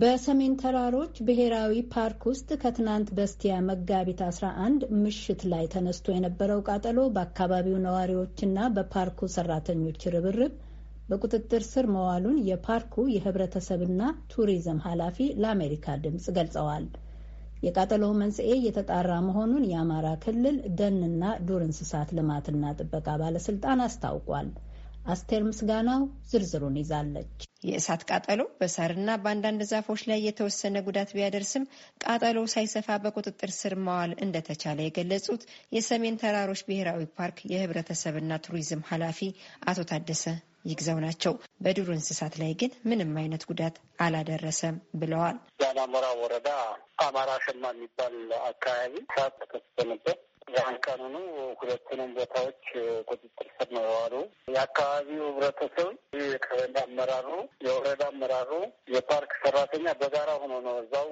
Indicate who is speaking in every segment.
Speaker 1: በሰሜን ተራሮች ብሔራዊ ፓርክ ውስጥ ከትናንት በስቲያ መጋቢት 11 ምሽት ላይ ተነስቶ የነበረው ቃጠሎ በአካባቢው ነዋሪዎችና በፓርኩ ሰራተኞች ርብርብ በቁጥጥር ስር መዋሉን የፓርኩ የህብረተሰብና ቱሪዝም ኃላፊ ለአሜሪካ ድምፅ ገልጸዋል። የቃጠሎው መንስኤ እየተጣራ መሆኑን የአማራ ክልል ደንና ዱር እንስሳት ልማትና ጥበቃ ባለስልጣን አስታውቋል። አስቴር ምስጋናው ዝርዝሩን ይዛለች። የእሳት ቃጠሎ በሳርና
Speaker 2: በአንዳንድ ዛፎች ላይ የተወሰነ ጉዳት ቢያደርስም ቃጠሎ ሳይሰፋ በቁጥጥር ስር መዋል እንደተቻለ የገለጹት የሰሜን ተራሮች ብሔራዊ ፓርክ የህብረተሰብና ቱሪዝም ኃላፊ አቶ ታደሰ ይግዛው ናቸው። በዱር እንስሳት ላይ ግን ምንም አይነት ጉዳት አላደረሰም ብለዋል። የአላማራ ወረዳ አማራ
Speaker 3: ሸማ የሚባል አካባቢ እሳት ተከስቶ ነበር። ያንቀኑ ሁለቱንም ቦታዎች ቁጥጥር ስር ነው የዋሉ። የአካባቢው ህብረተሰብ የቀበሌ አመራሩ፣ የወረዳ አመራሩ፣ የፓርክ ሰራተኛ በጋራ ሆኖ ነው እዛው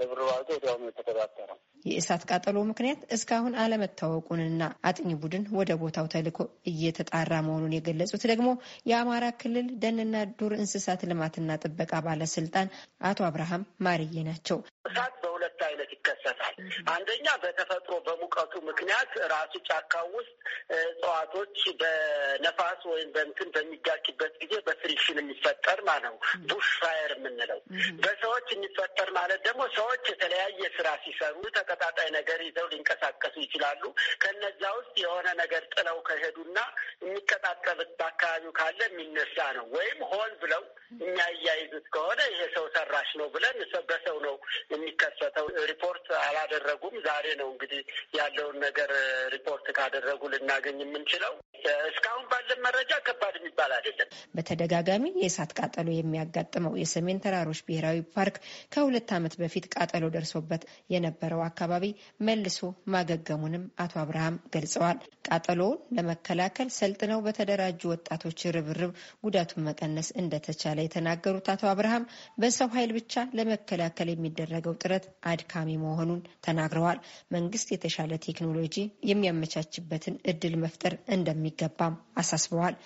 Speaker 3: ርብርብ ወዲያውኑ የተቆጣጠረው።
Speaker 2: የእሳት ቃጠሎ ምክንያት እስካሁን አለመታወቁንና አጥኚ ቡድን ወደ ቦታው ተልኮ እየተጣራ መሆኑን የገለጹት ደግሞ የአማራ ክልል ደንና ዱር እንስሳት ልማትና ጥበቃ ባለስልጣን አቶ አብርሃም ማርዬ ናቸው። እሳት በሁለት አይነት ይከሰታል። አንደኛ በተፈጥሮ በሙቀቱ ምክንያት ራሱ ጫካ ውስጥ
Speaker 3: እጽዋቶች በነፋስ ወይም በእንትን በሚጋጭበት ጊዜ በፍሪክሽን የሚፈጠር ማለት ነው ቡሽ ፋየር የምንለው በሰው ችግሮች የሚፈጠር ማለት ደግሞ ሰዎች የተለያየ ስራ ሲሰሩ ተቀጣጣይ ነገር ይዘው ሊንቀሳቀሱ ይችላሉ። ከነዛ ውስጥ የሆነ ነገር ጥለው ከሄዱና የሚቀጣጠል በአካባቢው ካለ የሚነሳ ነው። ወይም ሆን ብለው የሚያያይዙት ከሆነ ይሄ ሰው ሰራሽ ነው ብለን በሰው ነው የሚከሰተው። ሪፖርት አላደረጉም። ዛሬ ነው እንግዲህ ያለውን ነገር ሪፖርት ካደረጉ ልናገኝ የምንችለው። እስካሁን ባለን መረጃ ከባድ የሚባል አይደለም።
Speaker 2: በተደጋጋሚ የእሳት ቃጠሎ የሚያጋጥመው የሰሜን ተራሮች ብሔራዊ ፓርክ ለመጠበቅ ከሁለት ዓመት በፊት ቃጠሎ ደርሶበት የነበረው አካባቢ መልሶ ማገገሙንም አቶ አብርሃም ገልጸዋል። ቃጠሎውን ለመከላከል ሰልጥነው በተደራጁ ወጣቶች ርብርብ ጉዳቱን መቀነስ እንደተቻለ የተናገሩት አቶ አብርሃም በሰው ኃይል ብቻ ለመከላከል የሚደረገው ጥረት አድካሚ መሆኑን ተናግረዋል። መንግስት የተሻለ ቴክኖሎጂ የሚያመቻችበትን እድል መፍጠር እንደሚገባም አሳስበዋል።